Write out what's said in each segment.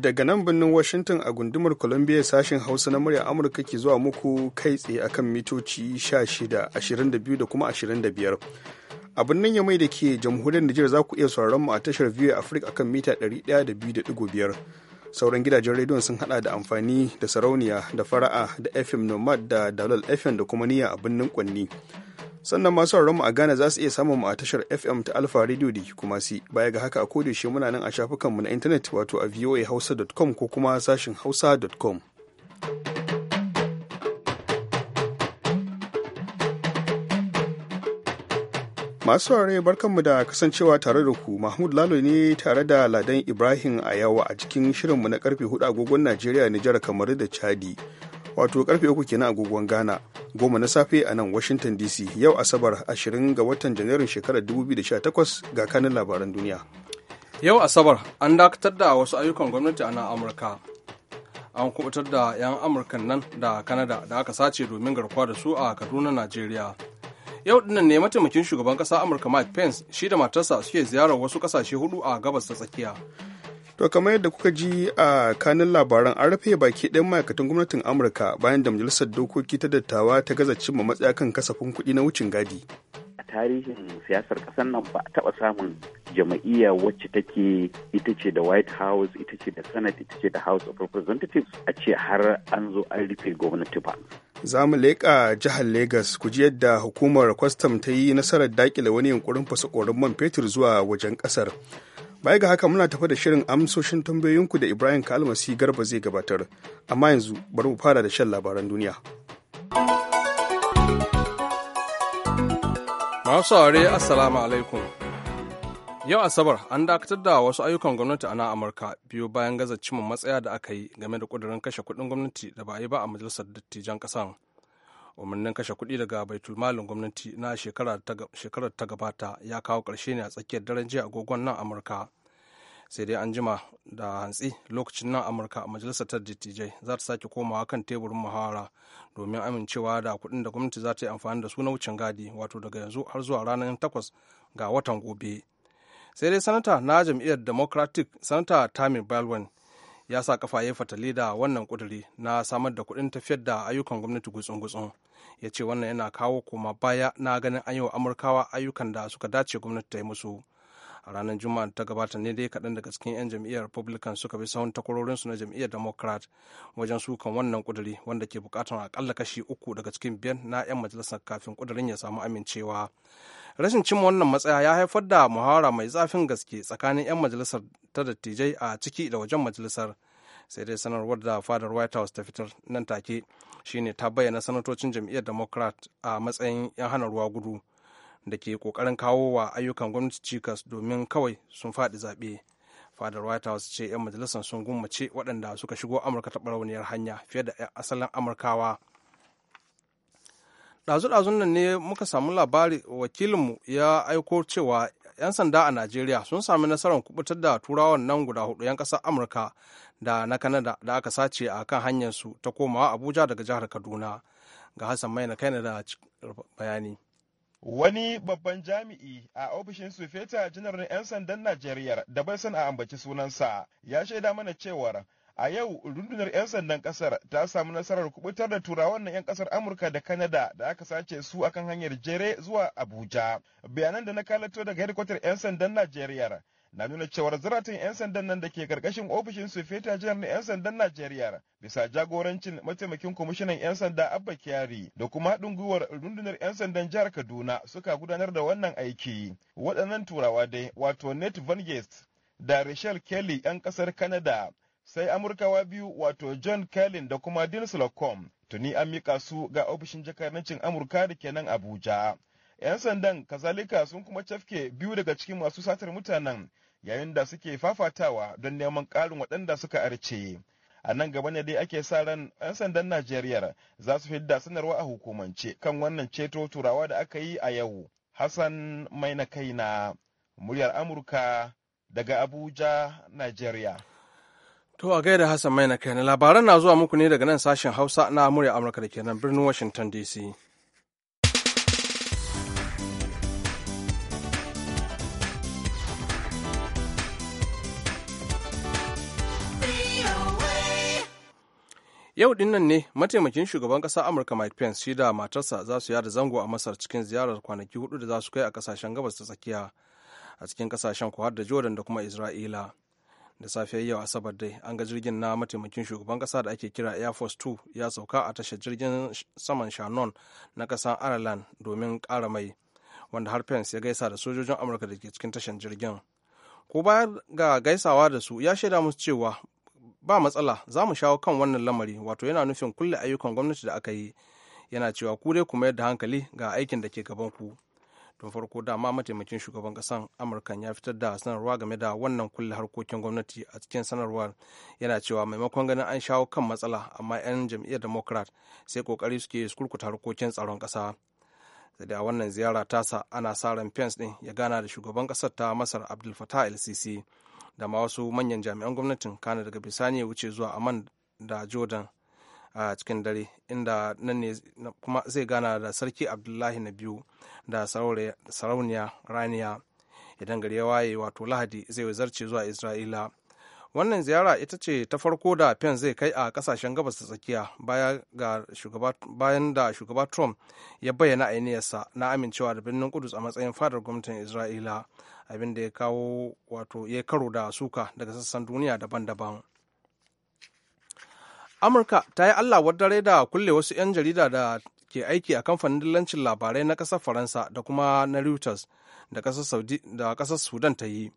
daga nan birnin washington a gundumar columbia sashen hausa na murya amurka ke zuwa muku kai tsaye akan mitoci 16 22 da kuma 25 a birnin yamai da ke jamhuriyar nijar za ku iya sauraron mu a tashar view africa akan mita 102.5 sauran gidajen rediyon sun hada da amfani da sarauniya da fara'a da fm nomad da dalal fm da kuma niyya a birnin kwanni sannan masu mu a Ghana za su iya samun mu a tashar FM ta Alpha Radio da kuma si baya ga haka a shi muna nan a shafukanmu na intanet wato a voahausa.com ko kuma sashin hausa.com. masu saurare barkanmu da kasancewa tare da ku mahmud lalo ne tare da ladan ibrahim ayawa a cikin shirinmu na karfe 4 agogon najeriya nijar kamar da chadi wato karfe uku kenan agogon ghana goma na safe a nan washington dc yau asabar 20 ga watan janairun shekarar 2018 ga kanin labaran duniya yau asabar an dakatar da wasu ayyukan gwamnati a nan amurka an kubutar da 'yan amurkan nan da kanada da aka sace domin garkuwa da su a kaduna najeriya yau dinnan ne mataimakin shugaban kasa amurka mike pence shi da matarsa suke ziyarar wasu kasashe hudu a gabas ta tsakiya To kamar yadda kuka ji a kanin labaran an rufe baki ɗan ma'aikatan gwamnatin Amurka bayan da majalisar dokoki ta dattawa ta gaza cimma matsaya kan kasafin kuɗi na wucin gadi. A tarihin siyasar ƙasar nan ba a taɓa samun jama'iyya wacce take ita ce da White House, ita ce da Senate, ita ce da House of Representatives a ce har an zo an rufe gwamnati ba. Za mu leƙa jihar Legas ku ji yadda hukumar kwastam ta yi nasarar daƙile wani yunkurin fasa man fetur zuwa wajen ƙasar. Baya ga haka muna tafa da shirin amsoshin tambayoyinku da Ibrahim Kalmasi Garba zai gabatar. Amma yanzu bari mu fara da shan labaran duniya. Masu are Assalamu alaikum. Yau Asabar an dakatar da wasu ayyukan gwamnati a nan Amurka biyu bayan gaza cimin matsaya da aka yi game da kudirin kashe kuɗin gwamnati da ba a yi ba a majalisar dattijan ƙasan. umarnin kashe kuɗi daga baitulmalin gwamnati na shekarar ta gabata ya kawo ƙarshe ne a tsakiyar daren jiya agogon nan amurka sai dai an jima da hantsi lokacin nan amurka a majalisar ta dattijai za ta sake komawa kan teburin muhawara domin amincewa da kuɗin da gwamnati za ta yi amfani da su na wucin gadi wato daga yanzu har zuwa ranar takwas ga watan gobe sai dai sanata na jam'iyyar democratic sanata tammy baldwin ya sa kafa ya fatali da wannan kuduri na samar da kuɗin tafiyar da ayyukan gwamnati gutsun-gutsun ya ce wannan yana kawo koma baya na ganin an yi wa amurkawa ayyukan da suka dace gwamnati ta yi musu a ranar juma'a da ta gabata ne dai kaɗan daga cikin 'yan jam'iyyar republican suka bi sahun takwarorinsu na jam'iyyar democrat wajen sukan wannan ƙuduri wanda ke bukatar aƙalla kashi uku daga cikin biyar na 'yan majalisar kafin ƙudurin ya samu amincewa rashin cimma wannan matsaya ya haifar da muhawara mai zafin gaske tsakanin 'yan majalisar ta dattijai a ciki da wajen majalisar sai dai sanarwar da fadar white house ta fitar nan take shine ta bayyana sanatocin jam'iyyar democrat a matsayin 'yan hana ruwa gudu da ke kokarin kawo wa ayyukan gwamnati cikas domin kawai sun faɗi zaɓe fadar white house ce 'yan majalisar sun gummace waɗanda suka shigo amurka ta barauniyar hanya fiye da asalin amurkawa ɗazu-ɗazun nan ne muka samu labari wakilinmu ya aiko cewa 'yan sanda a najeriya sun sami nasarar kubutar da turawan nan guda hudu 'yan ƙasar amurka da na kanada da aka sace a kan hanyarsu ta komawa abuja daga jihar kaduna ga hassan mai na kai da bayani Wani babban jami'i a ofishin Sufeta janar 'yan sandan Najeriya da bai san a ambaci sunansa ya shaida mana cewar a yau rundunar 'yan sandan kasar ta samu nasarar kubutar da turawan na 'yan kasar amurka da kanada da aka sace su akan hanyar jere zuwa abuja bayanan da na kalato daga hedikwatar 'yan sandan najeriya na nuna cewar ziratin 'yan sandan nan da ke karkashin ofishin su feta janar na 'yan sandan Najeriya bisa jagorancin mataimakin kwamishinan 'yan sanda Abba Kyari da kuma haɗin gwiwar rundunar 'yan sandan jihar Kaduna suka gudanar da wannan aiki. Waɗannan turawa dai wato net Van da Rachel Kelly 'yan ƙasar Canada sai Amurkawa biyu wato John Kelly da kuma dinslocom tuni an miƙa su ga ofishin jakarancin Amurka da kenan Abuja. 'Yan sandan kazalika sun kuma cafke biyu daga cikin masu satar mutanen yayin da suke fafatawa don neman ƙarin waɗanda suka arce. A nan gaba ne dai ake sa ran 'yan sandan Najeriya za su fidda sanarwa a hukumance kan wannan ceto turawa da aka yi a yau. Hassan mai na kaina muryar Amurka daga Abuja, Najeriya. To a gaida Hassan mai na kaina labaran na zuwa muku ne daga nan sashen Hausa na muryar Amurka da ke nan birnin Washington DC. Yau din ne mataimakin shugaban ƙasar Amurka Mike Pence shi da matarsa za su yada zango a Masar cikin ziyarar kwanaki hudu da za su kai a kasashen gabas ta tsakiya a cikin kasashen kuwa da Jordan da kuma Isra'ila. Da safiyar yau Asabar dai an ga jirgin na mataimakin shugaban ƙasa da ake kira Air Force 2 ya sauka a tashar jirgin saman Shannon na ƙasar Ireland domin kara mai wanda har Pence ya gaisa da sojojin Amurka da ke cikin tashar jirgin. Ko bayar ga gaisawa da su ya shaida musu cewa ba matsala za mu shawo kan wannan lamari wato yana nufin kulle ayyukan gwamnati da aka yi yana cewa ku dai ku mayar da hankali ga aikin da ke gaban ku tun farko dama mataimakin shugaban kasan amurkan ya fitar da sanarwa game da wannan kulle harkokin gwamnati a cikin sanarwar yana cewa maimakon ganin an shawo kan matsala amma 'yan jam'iyyar democrat sai kokari suke kurkuta harkokin tsaron kasa da wannan ziyara tasa ana sa ran pence din ya gana da shugaban kasar ta masar abdul fatah el sisi da ma wasu manyan jami'an gwamnatin kana daga bisani wuce zuwa aman da jordan a cikin dare inda nan ne kuma zai gana da sarki abdullahi na biyu da sarauniya raniya idan gari ya waye wato lahadi zai zarce zuwa isra'ila wannan ziyara ita ce ta farko da pen zai kai a kasashen gabas ta tsakiya bayan da shugaba trump ya bayyana ainihinsa na amincewa da birnin kudus a matsayin fadar gwamnatin isra'ila abin ya kawo wato ya karo da suka daga sassan duniya daban-daban amurka ta yi allah dare da kulle wasu 'yan jarida da ke aiki a kamfanin dillancin labarai na kasar faransa da kuma na reuters da kasar sudan ta yi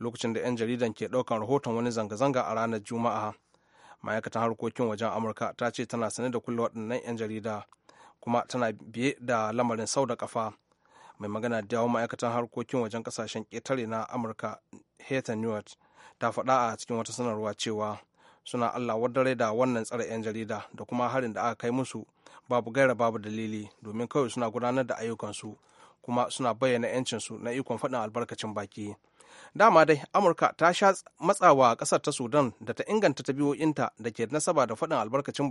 lokacin da 'yan jaridan ke ɗaukan rahoton wani zanga-zanga a ranar juma'a ma'aikatan harkokin wajen amurka ta ce tana sane da kulle waɗannan 'yan jarida kuma tana biye da lamarin sau da kafa mai magana da yawon ma'aikatan harkokin wajen kasashen ƙetare na amurka heather newt ta faɗa a cikin wata sanarwa cewa suna allah wadare da wannan tsare 'yan jarida da kuma harin da aka kai musu babu gaira babu dalili domin kawai suna gudanar da ayyukansu kuma suna bayyana 'yancinsu na ikon faɗin albarkacin baki. dama dai amurka ta sha matsawa ƙasar ta sudan da ta inganta tabiyoyinta da ke nasaba da faɗin albarkacin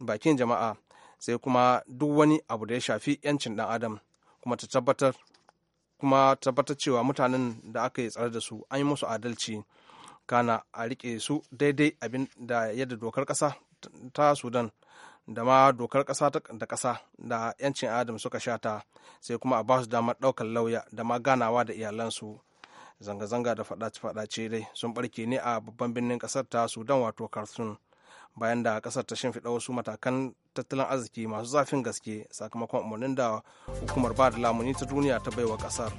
bakin jama'a sai kuma duk wani abu da ya shafi 'yancin dan adam kuma ta tabbatar kuma tabbatar cewa mutanen da aka yi tsare da su an yi musu adalci kana a rike su daidai abin da yadda dokar ƙasa ta sudan da ma dokar ƙasa da ƙasa da 'yancin adam suka sha ta sai kuma a ba su damar ɗaukar lauya da ma ganawa da iyalansu zanga-zanga da faɗace-faɗace dai sun ɓarke ne a babban birnin ƙasar ta sudan wato khartoum bayan da ƙasar ta shimfiɗa wasu matakan tattalin arziki masu zafin gaske sakamakon umarnin da hukumar ba da lamuni ta duniya ta baiwa ƙasar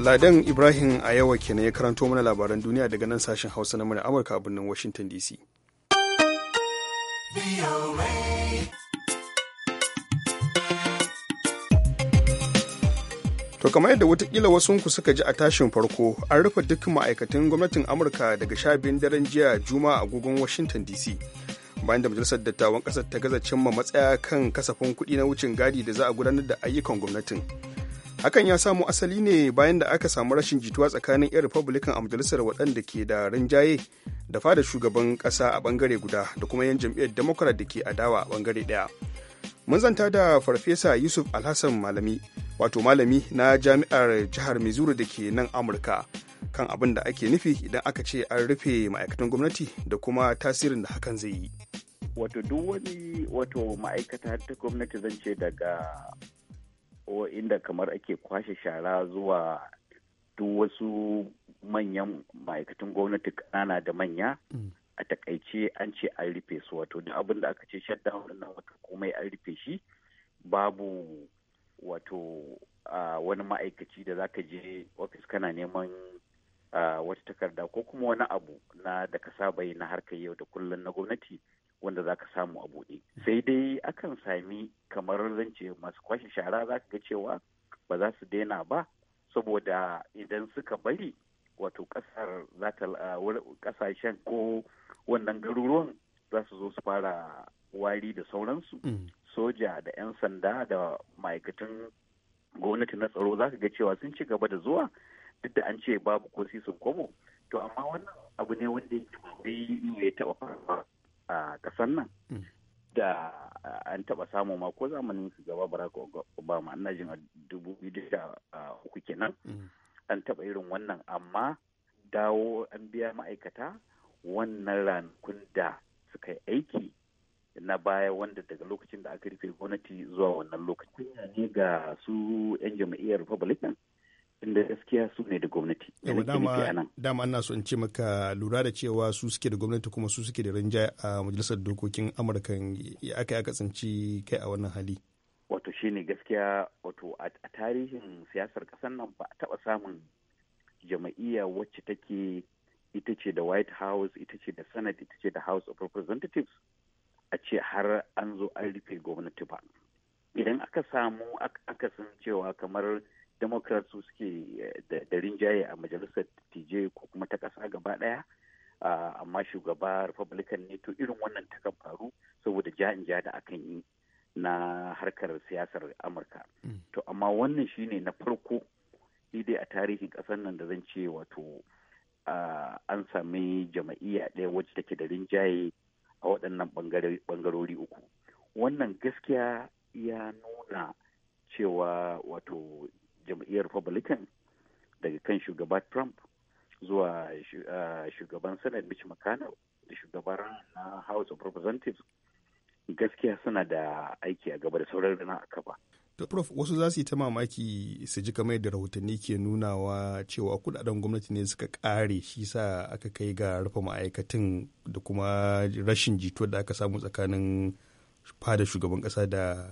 ladan ibrahim a yawa kenan ya karanto mana labaran duniya daga nan sashen hausa na murya amurka a birnin washington dc To kamar yadda watakila wasunku suka ji a tashin farko an rufe duk ma'aikatan gwamnatin Amurka daga sha biyun daren jiya juma a agogon Washington DC. Bayan da majalisar dattawan ƙasar ta gaza cimma matsaya kan kasafin kuɗi na wucin gadi da za a gudanar da ayyukan gwamnatin. Hakan ya samu asali ne bayan da aka samu rashin jituwa tsakanin 'yan Republican a majalisar waɗanda ke da rinjaye da fada shugaban ƙasa a ɓangare guda da kuma 'yan jam'iyyar Democrat da ke adawa a bangare ɗaya. mun zanta da farfesa yusuf alhassan malami wato malami na jami'ar jihar missouri da ke nan amurka kan abin da ake nufi idan aka ce an rufe ma'aikatan gwamnati da kuma tasirin da hakan zai yi wato duk wani wato ma'aikata ta gwamnati zan ce daga inda kamar ake kwashe shara zuwa duk wasu manyan ma'aikatan gwamnati ƙanana da manya mm. a takaice an ce an rufe su wato duk abin da aka ce shutdown din nan wata komai an rufe shi babu wato wani ma'aikaci da zaka je ofis kana neman wata takarda ko kuma wani abu na da ka saba yi na harkar yau da kullum na gwamnati wanda za ka samu a buɗe sai dai akan sami kamar zance masu kwashe shara za ka ga cewa ba za su daina ba saboda idan suka bari wato kasar kasashen ko wannan garuruwan za su zo su fara wari da sauransu mm. soja da 'yan sanda da ma'aikatan gwamnati na tsaro za ka ga cewa sun ci gaba da zuwa duk da an ce babu ko sun komo to amma wannan abu ne wanda ya taba faruwa a kasan nan mm. da an taba samu ma ko zamanin su gaba barak Obama ina jin a dubu biyu da uku kenan mm. an taba irin wannan amma dawo an biya ma'aikata wannan ranakun da suka yi aiki na baya wanda daga lokacin da aka rufe gwamnati zuwa wannan lokacin ne ga su 'yan jam'iyyar republican inda gaskiya su ne da gwamnati dama ana so in ce maka lura da cewa su suke da gwamnati kuma su suke da rinjaye a majalisar dokokin amurka ya aka aka kasance kai a wannan hali wato shine gaskiya wato a tarihin siyasar kasar nan ba a taba samun jama'iyya wacce take ita ce da white house ita ce da senate ita ce da house of representatives a ce har an zo an rufe gwamnati ba idan aka samu aka san cewa kamar democrats suke eh, da rinjaye a majalisar tj ko kuma ta kasa gaba daya amma shugaba republican ne to irin wannan takan faru saboda ja'in ja da akan yi na harkar siyasar amurka mm. to amma wannan shine na farko ni dai a tarihin kasar nan da zan ce wato an sami jama'iyya ɗaya wacce take da rinjaye a waɗannan ɓangarori uku wannan gaskiya ya nuna cewa wato jam'iyyar republican daga kan shugaba trump zuwa shugaban senate mitch mcconnell da shugaban na house of representatives gaskiya suna da aiki a gaba da sauran rana a kafa To prof wasu za su yi ta mamaki su ji kamar da rahotanni ke nunawa cewa kudaden gwamnati ne suka kare shi sa aka kai ga rufe ma'aikatan da kuma rashin jito da aka samu tsakanin fada shugaban kasa da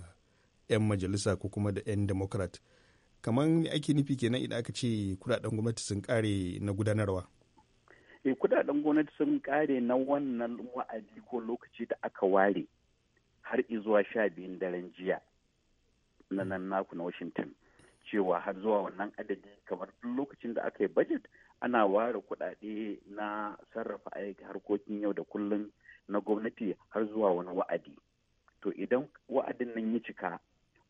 'yan majalisa ko kuma da 'yan democrat kamar me ake nufi kenan idan aka ce kudaden gwamnati sun kare na gudanarwa e eh, kudaden gwamnati sun kare na wannan wa'adi ko lokaci da aka ware har izuwa sha biyun daren jiya na nan naku na Washington cewa har zuwa wannan adadi kamar duk lokacin da aka yi budget ana ware kuɗaɗe na sarrafa aiki harkokin yau da kullum na gwamnati har zuwa wani wa'adi. To idan wa'adin nan ya cika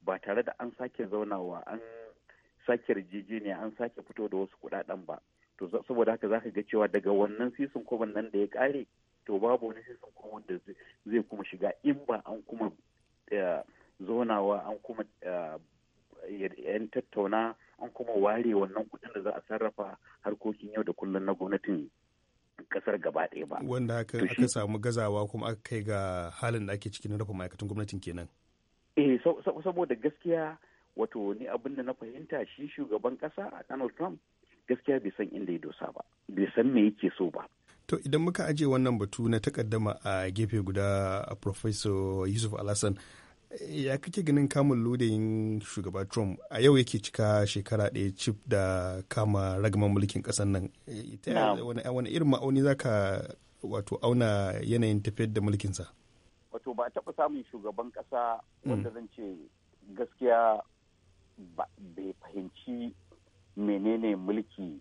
ba tare da an sake zaunawa an sake yarjejeniya an sake fito da wasu kuɗaɗen ba. To saboda haka za ka ga cewa daga wannan sisin kwaban nan da ya ƙare to babu wani sisin kwaban da zai kuma shiga in ba an kuma eh, zonawa an kuma eh, yan tattauna an kuma ware wannan kuɗin da za a sarrafa harkokin yau da kullum na gwamnatin kasar gaba ɗaya ba. Wanda aka samu gazawa kuma aka kai ga halin da ake cikin na rufe ma'aikatan gwamnatin kenan. Eh saboda gaskiya wato ni abin da na fahimta shi shugaban kasa a Donald Trump gaskiya bai san inda ya dosa ba bai san me yake so ba. To idan muka ajiye wannan batu na takaddama a gefe guda a Professor Yusuf Alhassan ya kake ganin kamun lodayin shugaba trump a yau yake cika shekara ɗaya cif da kama ragaman mulkin ƙasar nan eh, wani irin ma'auni za ka wato auna yanayin tafiyar da mulkinsa wato ba taɓa samun shugaban ƙasa mm. wanda zan ce gaskiya bai fahimci menene mulki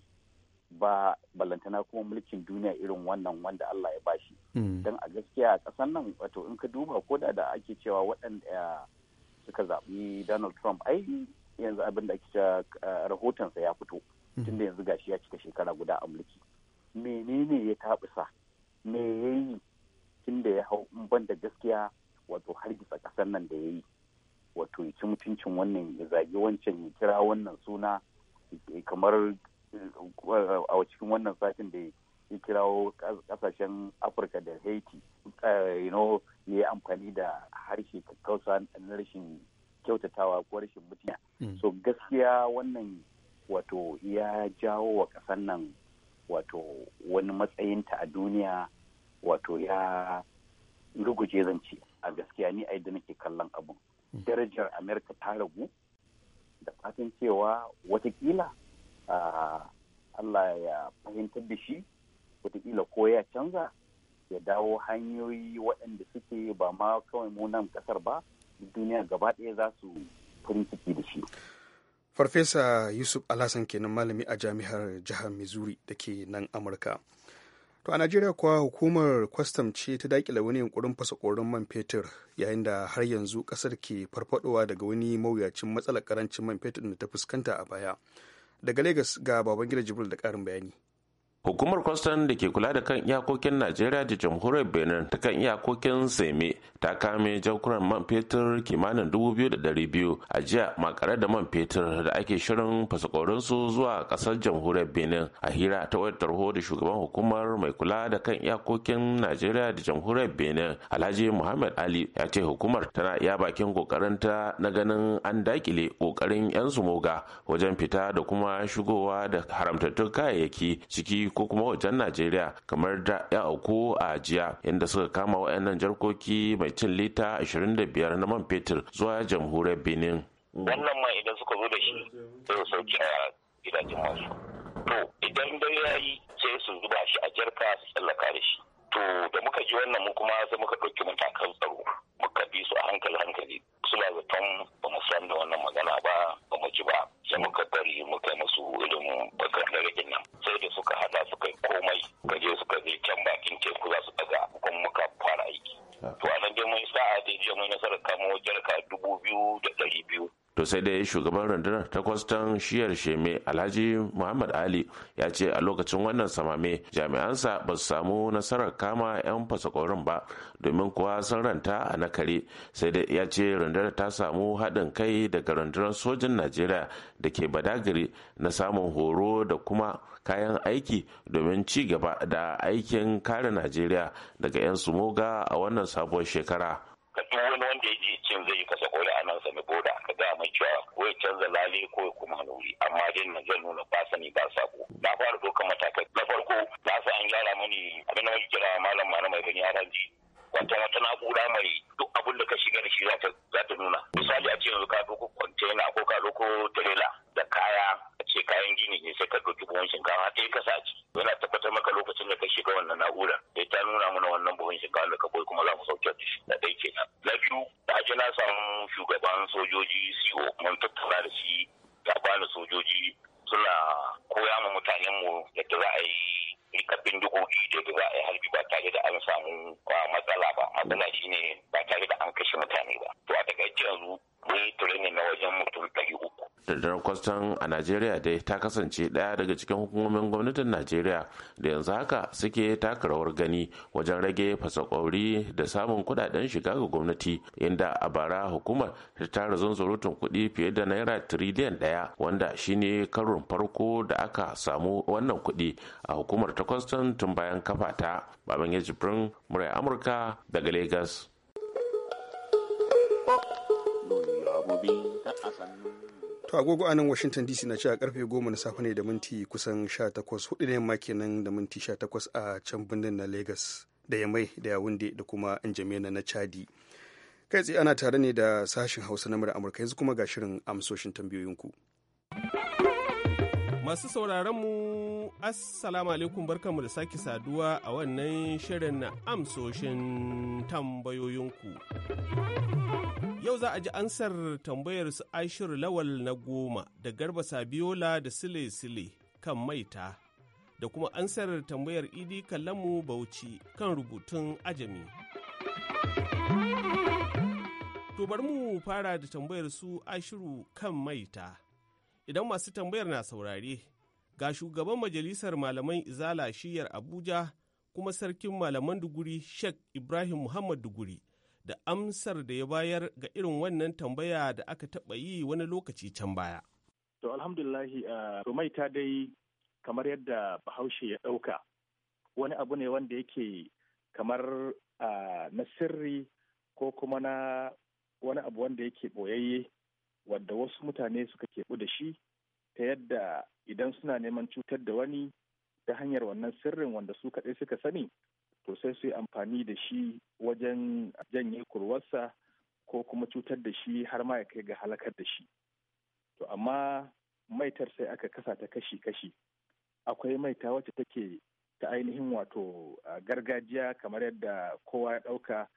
ba ballantana kuma mulkin duniya irin wannan wanda Allah ya bashi hmm. don a gaskiya a ƙasar nan wato in ka duba ko da ake cewa waɗanda eh, suka zaɓi Donald Trump ai yanzu abin da ake cewa eh, rahotonsa ya fito hmm. tunda yanzu gashi ya cika shekara guda a mulki menene ya sa me ya yi da ya hau ban da gaskiya wato har hargitsa ƙasar nan da ya yi wato ya ci mutuncin wannan ya zagi wancan ya kira wannan suna eh, kamar a cikin wannan satin da ya kirawo kasashen afirka da haiti eh, ya yi amfani da harshe kausa na rashin kyautatawa ko rashin mutum hmm. so gaskiya wannan wato ya jawo wa kasan nan wato wani matsayinta a duniya wato ya ruguje zance a gaskiya ni ai da nake kallon abu. Hmm. darajar amerika ta ragu da fatan cewa watakila Allah ya fahimtar da shi wataƙila ko ya canza ya dawo hanyoyi waɗanda suke ba ma kawai munan ƙasar ba duniya gaba ɗaya za su farin ciki da shi. Farfesa Yusuf Alhassan kenan malami a jami'ar jihar Missouri da ke nan Amurka. To a Najeriya kuwa hukumar kwastam ce ta dakile wani yunkurin fasa korin man fetur yayin da har yanzu ƙasar ke farfadowa daga wani mawuyacin matsalar ƙarancin man fetur da ta fuskanta a baya. daga Legas ga Babangida Jibril da ƙarin bayani. hukumar kwastan da ke kula da kan iyakokin najeriya da jamhuriyar benin ta kan iyakokin seme ta kame jakunan man fetur kimanin biyu a jiya makare da man fetur da ake shirin fasakorinsu zuwa kasar jamhuriyar benin a hira ta wayar tarho da shugaban hukumar mai kula da kan iyakokin najeriya da jamhuriyar benin alhaji muhammad ali ya ce hukumar tana iya bakin kokarinta na ganin an dakile kokarin yan sumoga wajen fita da kuma shigowa da haramtattun kayayyaki ciki ko kuma wajen najeriya kamar da ya auku a jiya inda suka kama wayannan jarkoki mai cin lita 25 na man fetur zuwa jamhuriyar benin wannan ma idan suka zo da shi su sauki a gidajen masu to idan dai ya yi sai su zuba shi a jarka su tsallaka da shi to da muka ji wannan mu kuma sai muka ɗauki matakan tsaro muka bi su a hankali hankali suna zaton ba mu san da wannan magana ba ba mu ji ba sai muka bari muka yi musu irin bakar da rikin nan sai da suka hada suka yi komai ka je suka je can bakin teku za su daga kuma muka fara aiki ah. to a nan dai mun sa'a dai jiya mun nasarar kamo jarka dubu biyu da ɗari biyu to sai dai shugaban rundunar ta kwastan shiyar sheme alhaji muhammad ali ya ce a lokacin wannan samame jami'ansa ba su samu nasarar kama 'yan fasakorin ba domin kuwa sun ranta a nakare sai dai ya ce rundunar ta samu haɗin kai daga rundunar sojin najeriya da ke Badagari, na samun horo da kuma kayan aiki domin ci gaba da aikin kare najeriya daga 'yan sumoga a wannan sabuwar shekara wanda ya cin zai yi kasa nan sami boda mai cewa wai canza lale ko kuma nuri amma dai na zan nuna ba sani ba sako na fara doka matakai na farko na sa an gyara mani abin da wani kira malam ma na mai gani haranji wata wata na'ura mai duk abun da ka shiga da shi za ta nuna misali a ce yanzu ka doko kwantena ko ka doko tirela da kaya a ce kayan gini ne sai ka doki buhun shinkafa ta yi sa ci yana tabbatar maka lokacin da ka shiga wannan na'urar sai ta nuna mana wannan buhun shinkafa da ka kuma za mu sauke da shi 所有历史哦。kwastan a najeriya dai ta kasance ɗaya daga cikin hukumomin gwamnatin najeriya da yanzu haka suke taka rawar gani wajen rage fasakwauri da samun kudaden shiga ga gwamnati inda a bara hukumar ta tara zunzurutun kuɗi fiye da naira tiriliyan ɗaya wanda shine karon farko da aka samu wannan kuɗi a hukumar ta kwastan tun bayan kafa ta baban ya jibrin murai amurka daga lagos to agogo a nan washington dc na cewa karfe goma na safe ne da minti kusan sha takwas hudu ne maki nan da minti takwas a can birnin na lagos da yamai da yawunde da kuma injamena na chadi kai tsaye ana tare ne da sashen hausa na mura amurka yanzu kuma ga shirin amsoshin tambayoyinku. ku Masu mu Assalamu alaikum barkanmu da sake saduwa a wannan shirin na amsoshin tambayoyinku. Yau za a ji ansar tambayar su Aishir Lawal na goma da Garba Sabiola da Sile Sile kan maita da kuma ansar tambayar Idi Kallamu Bauchi kan rubutun ajami. To bari mu fara da tambayar su Ashiru kan maita. idan masu tambayar na saurare ga shugaban majalisar malaman izala shiyar abuja kuma sarkin malaman duguri sheikh ibrahim muhammad duguri da amsar da ya bayar ga irin wannan tambaya da aka taɓa yi wani lokaci can baya. To alhamdulahi ah, ta dai kamar yadda bahaushe ya ɗauka wani abu ne wanda yake kamar ah, na sirri ko kuma na wani abu wanda yake ɓoyayye wadda wasu mutane suka keɓu da shi ta yadda idan suna neman cutar da wani ta hanyar wannan sirrin wanda su kaɗai suka sani to sai su yi amfani da shi wajen janye kurwarsa ko kuma cutar da shi har ma ya kai ga halakar da shi to amma maitar sai aka kasa ta kashi-kashi akwai maita wacce take ta ainihin wato gargajiya kamar yadda kowa ya ɗauka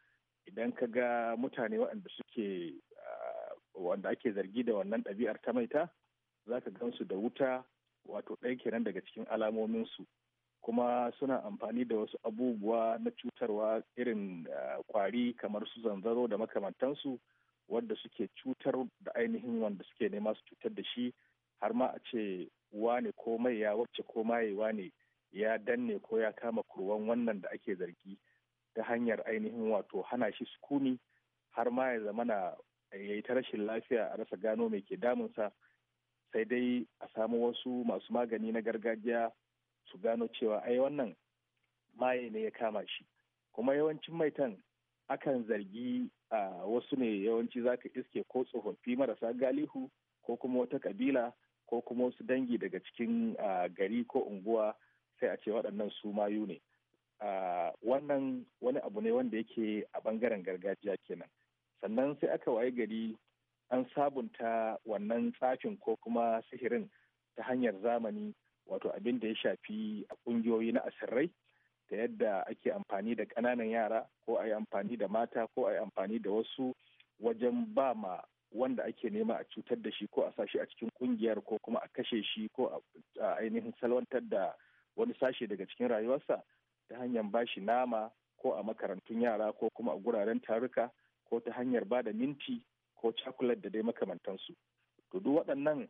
idan ka ga mutane waɗanda suke wanda ake zargi da wannan ɗabi'ar ta maita za ka gansu da wuta wato ɗaya kenan daga cikin alamominsu kuma suna amfani da wasu abubuwa na cutarwa irin eh, kwari kamar su zanzaro da makamantansu wadda suke cutar da ainihin wanda suke nema su cutar da shi har ma a ce wane ko mai ya wacce ko mayewa ne ya danne ko ya kama kurwan wannan da ake zargi ta hanyar ainihin wato hana shi sukuni har ma ya zamana ya yi ta rashin lafiya a rasa gano mai ke damunsa sai dai a samu wasu masu magani na gargajiya su gano cewa ai wannan maye ne ya kama shi kuma yawancin maitan akan zargi a wasu ne yawanci za ka iske ko tsofaffi marasa galihu ko kuma wata kabila ko kuma wasu dangi daga cikin gari ko unguwa sai a ce waɗannan su mayu ne wannan wani abu ne wanda yake a ɓangaren gargajiya kenan sannan sai aka waye gari an sabunta wannan tsafin ko kuma sihirin ta hanyar zamani wato abin da ya shafi a ƙungiyoyi na asirrai da yadda ake amfani da ƙananan yara ko a yi amfani da mata ko a yi amfani da wasu wajen ba ma wanda ake nema a cutar da shi ko a sashi a cikin ƙungiyar ko kuma a kashe shi ko a ainihin salwantar da wani sashe daga cikin rayuwarsa ta hanyar ba shi nama ko a makarantun yara ko kuma a guraren taruka ko ta hanyar ba da minti ko cakulat da dai makamantansu to duk waɗannan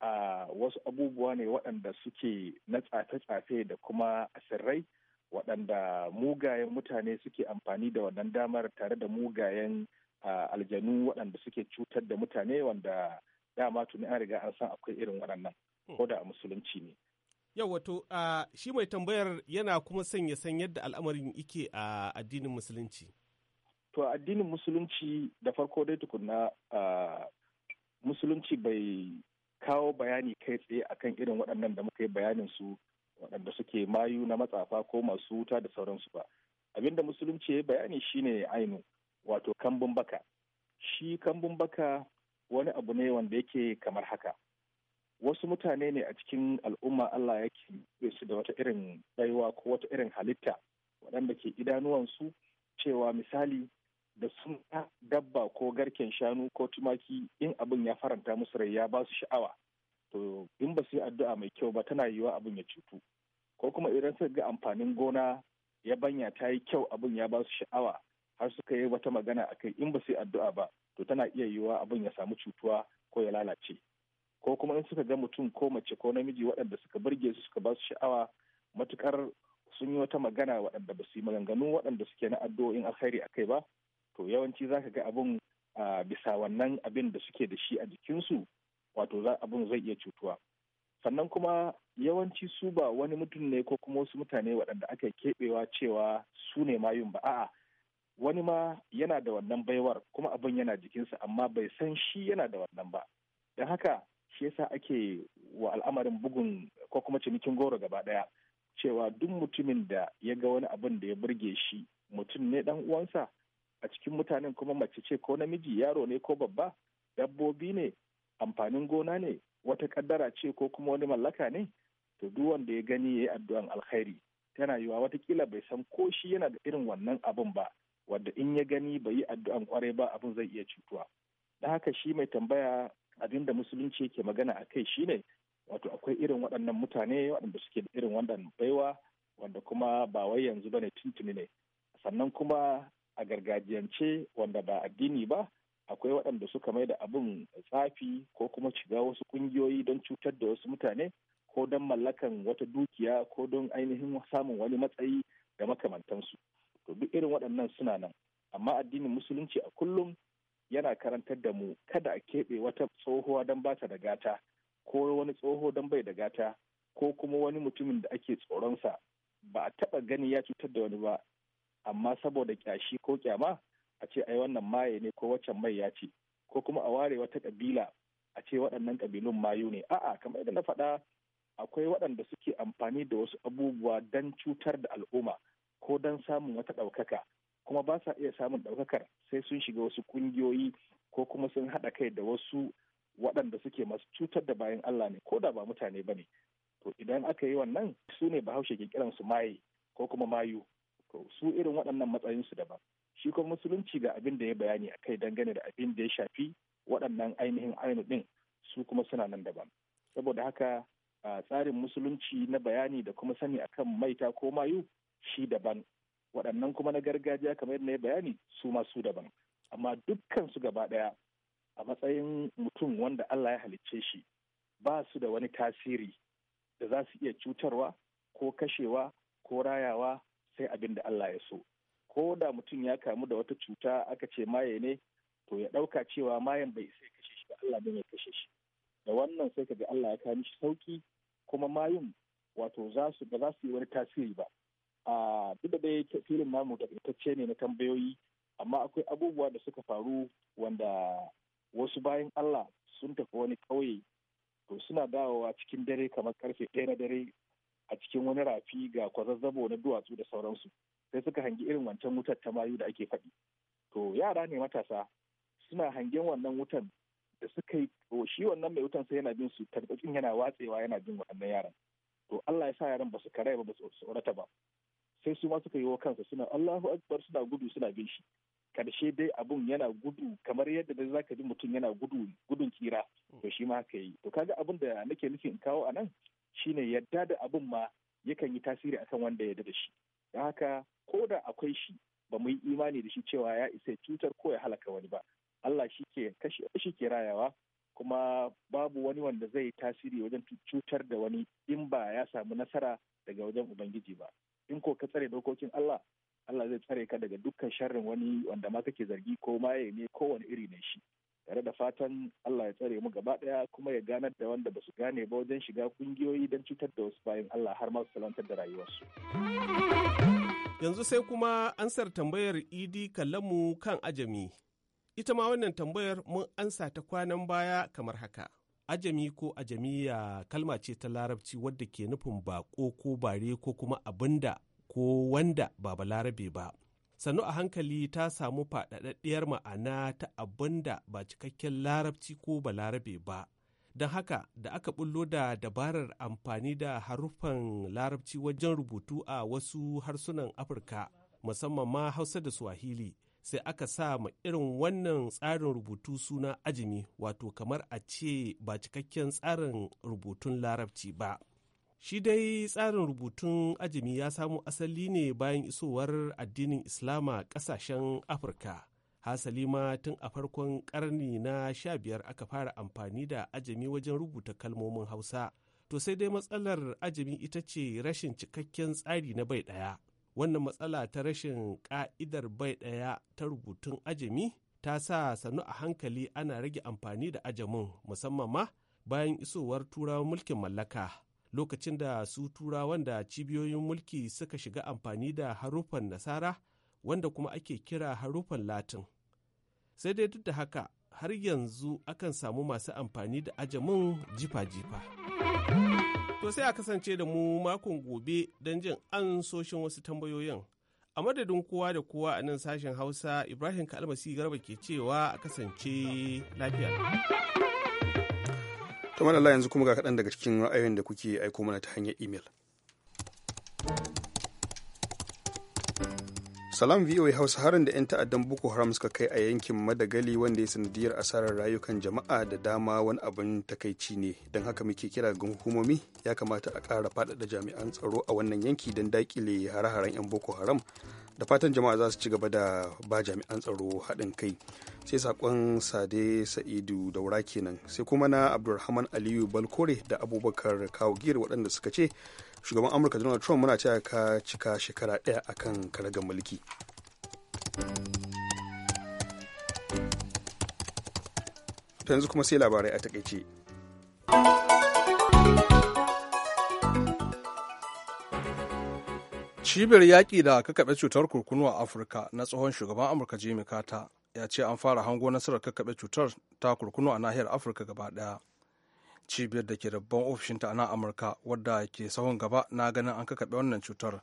a wasu abubuwa ne waɗanda suke na tsafe-tsafe da kuma asirrai waɗanda mugayen mutane suke amfani da wannan damar tare da mugayen aljanu waɗanda suke cutar da mutane wanda dama tuni an riga an san akwai irin waɗannan ko da a musulunci ne. Yau wato shi mai tambayar yana kuma sanya san yadda al'amarin ike a addinin musulunci. to addinin musulunci da farko dai tukunna musulunci bai kawo bayani kai tsaye akan irin waɗannan da muka yi bayanin su waɗanda suke mayu na matsafa ko masu wuta da sauransu ba abin da musulunci ya bayani shine ainu wato kambun baka shi kambun baka wani abu ne wanda yake kamar haka wasu mutane ne a cikin al'umma Allah ya ke su da wata irin baiwa ko wata irin halitta waɗanda ke idanuwansu cewa misali da sun dabba ko garken shanu ko tumaki in abin ya faranta musu rai ya ba su sha'awa to in ba su yi addu'a mai kyau ba tana yiwuwa abin ya cutu ko kuma idan suka ga amfanin gona ya banya ta yi kyau abin ya ba su sha'awa har suka yi wata magana a kai in ba su yi addu'a ba to tana iya yiwuwa abin ya samu cutuwa ko ya lalace ko kuma in suka ga mutum ko mace ko namiji waɗanda suka burge su suka ba su sha'awa matukar sun yi wata magana waɗanda ba su yi maganganu waɗanda suke na addu'o'in alkhairi a kai ba to yawanci za ka ga abin bisa wannan abin da suke da shi a jikinsu wato abin zai iya cutuwa sannan kuma yawanci su ba wani mutum ne ko kuma wasu mutane waɗanda aka keɓewa cewa su ne mayun ba a'a wani ma yana da wannan baiwar kuma abin yana jikinsa amma bai san shi yana da wannan ba don haka shi yasa ake wa al'amarin bugun ko kuma cinikin goro gaba ɗaya cewa duk mutumin da ya ga wani abin da ya burge shi mutum ne dan uwansa a cikin mutanen kuma mace ce ko namiji yaro ne ko babba dabbobi ne amfanin gona ne wata kaddara ce ko kuma wani mallaka ne to duk wanda ya gani ya yi addu'an alkhairi tana yiwa watakila bai san ko shi yana da irin wannan abun ba wanda in ya gani bai yi addu'an kwarai ba abun zai iya cutuwa da haka shi mai tambaya abin da musulunci yake magana a kai shine wato akwai irin waɗannan mutane waɗanda suke da irin wannan baiwa wanda kuma ba wai yanzu bane tuntuni ne sannan kuma a gargajiyance wanda ba addini ba akwai waɗanda suka mai da abin tsafi ko kuma shiga wasu ƙungiyoyi don cutar da wasu mutane ko don mallakan wata dukiya ko don ainihin samun wani matsayi da makamantansu to duk irin waɗannan suna nan amma addinin musulunci a kullum yana karantar da mu kada a keɓe wata tsohuwa don ba ta da gata ko wani tsoho don bai da gata ko kuma wani mutumin da ake tsoronsa ba a taɓa gani ya cutar da wani ba amma saboda kyashi ko kyama a ce ai wannan maye ne ko waccan mai ya ce ko kuma a ware wata kabila a ce waɗannan kabilun mayu ne a'a kamar yadda na faɗa akwai waɗanda suke amfani da wasu abubuwa don cutar da al'umma ko don samun wata ɗaukaka kuma ba sa iya samun ɗaukakar sai sun shiga wasu ƙungiyoyi ko kuma sun haɗa kai da wasu waɗanda suke masu cutar da bayan Allah ne ko da ba mutane ba ne to idan aka yi wannan su ne bahaushe ke kiransu maye ko kuma mayu su irin waɗannan matsayin su daban shi kuma musulunci ga abin da ya bayani a kai dangane da abin da ya shafi waɗannan ainihin ainu ɗin su kuma suna nan daban saboda haka tsarin musulunci na bayani da kuma sani akan maita ko mayu shi daban waɗannan kuma na gargajiya kamar yadda ya bayani su ma su daban amma dukkan su gaba ɗaya a matsayin mutum wanda Allah ya halicce shi ba su da wani tasiri da za su iya cutarwa ko kashewa ko rayawa sai abin da Allah ya so ko da mutum ya kamu da wata cuta aka ce maye ne to ya ɗauka cewa mayan bai sai kashe shi ba Allah ne ya kashe shi da wannan sai ka ga Allah ya kawo mishi sauki kuma mayun wato za su ba za su yi wani tasiri ba a duk da dai filin namu ce ne na tambayoyi amma akwai abubuwa da suka faru wanda wasu bayan Allah sun tafi wani ƙauye to suna dawowa cikin dare kamar karfe ɗaya na dare a cikin wani rafi ga kwazazzabo na duwatsu da sauransu sai suka hangi irin wancan wutar ta mayu da ake faɗi to yara ne matasa suna hangen wannan wutan da suka yi to shi wannan mai wutan sai yana bin su tarbakin yana watsewa yana bin waɗannan yaran to Allah ya sa yaran ba su karai ba ba su tsorata ba sai su ma suka yi wa kansa suna Allahu akbar suna gudu suna bin shi karshe dai abun yana gudu kamar yadda dai zaka ji mutum yana gudu gudun kira to shi ma haka yi to kaga abun da nake nufin kawo a nan shine yadda da abin ma yakan yi tasiri akan wanda ya da shi da haka ko da akwai shi ba mu yi imani da shi cewa ya isa cutar ko ya halaka wani ba Allah shi ke shi ke rayawa kuma babu wani wanda zai tasiri wajen cutar da wani in ba ya samu nasara daga wajen ubangiji ba in ko ka tsare dokokin Allah Allah zai tsare ka daga dukkan sharrin wani wanda ma kake zargi ko ma ya ne kowane iri na shi tare da fatan Allah ya tsare mu gaba daya kuma ya ganar da wanda ba su gane ba wajen shiga kungiyoyi don cutar da wasu bayan Allah har ma su salantar da rayuwarsu. Yanzu sai kuma ansar tambayar Idi Kallamu kan ajami. Ita ma wannan tambayar mun ansa ta kwanan baya kamar haka. Ajami ko ajamiya kalma ce ta larabci wadda ke nufin bako ko bare ko kuma abinda ko wanda ba ba larabe ba. sannu a hankali ta samu faɗaɗaɗɗiyar ma'ana ta abin da ba cikakken larabci ko ba larabe ba don haka da aka bullo da dabarar amfani da haruffan larabci wajen rubutu a wasu harsunan afirka musamman ma hausa da swahili sai aka sa ma irin wannan tsarin rubutu suna ajimi wato kamar a ce ba cikakken tsarin rubutun larabci ba Shi dai tsarin rubutun ajami ya samo asali ne bayan isowar addinin Islama ƙasashen Afirka. Hasali ma tun a farkon ƙarni na sha biyar aka fara amfani da ajami wajen rubuta kalmomin Hausa. To sai dai matsalar ajami ita ce rashin cikakken tsari na bai ɗaya. Wannan matsala ta rashin ƙa'idar bai ɗaya ta rubutun ajami ta sa sannu a hankali ana rage amfani da ajamin musamman ma bayan isowar turawan mulkin mallaka. lokacin da su turawan da cibiyoyin mulki suka shiga amfani da haruffan nasara wanda kuma ake kira harufan latin sai dai duk da haka har yanzu akan samu masu amfani da ajamin jifa-jifa to sai a kasance da mu makon gobe don jin an soshin wasu tambayoyin a madadin kowa da kowa a nan sashen hausa ibrahim kalmasi garba ke cewa a kasance lafiya to Allah yanzu kuma ga kaɗan daga cikin ra'ayoyin da kuke aiko mana ta hanyar imel salam voa hausa harin da 'yan ta'addan boko haram suka kai a yankin madagali wanda ya sanadiyar asarar rayukan jama'a da dama wani abin takaici ne don haka muke kira ga hukumomi ya kamata a kara faɗaɗa jami'an tsaro a wannan yanki don daƙile hare-haren 'yan boko haram da fatan jama'a za su ci gaba da ba jami'an tsaro haɗin kai sai sakon sade sa'idu daura kenan sai kuma na abdulrahman aliyu balkore da abubakar kawo giyar waɗanda suka ce shugaban amurka donald trump muna cewa ka cika shekara ɗaya akan karagar mulki yanzu kuma sai labarai a takaice cibiyar yaƙi da kakaɓe cutar kurkunu a afirka na tsohon shugaban amurka jimmy carter ya ce an fara hango nasarar kakkaɓe cutar ta kurkunu a nahiyar afirka gaba ɗaya cibiyar da ke babban ofishinta a nan amurka wadda ke sahun gaba na ganin an kakkaɓe wannan cutar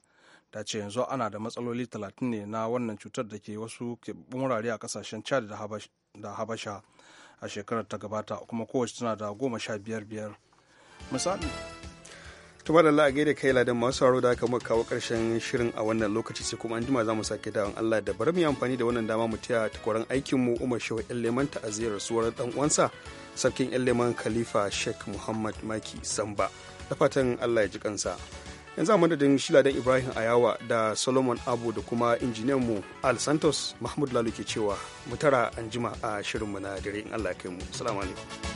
ta ce yanzu ana da matsaloli talatin ne na wannan cutar da ke wasu keɓaɓɓun wurare a kasashen chad da habasha a shekarar ta gabata kuma kowace tana da goma sha biyar biyar tuma da Allah a gaida kai ladan masu sauraro da aka kawo karshen shirin a wannan lokaci sai kuma an jima za mu sake dawon Allah da bar mu amfani da wannan dama mu taya takwaran aikin mu Umar Shehu yan leman ta aziyar suwar dan uwansa sarkin yan leman Khalifa Sheikh Muhammad Maki Samba da fatan Allah ya ji kansa yanzu a madadin shi ladan Ibrahim Ayawa da Solomon Abu da kuma injiniyan mu Al Santos Mahmud Lalu ke cewa mu tara an jima a shirin mu na dare in Allah ya kai mu assalamu alaikum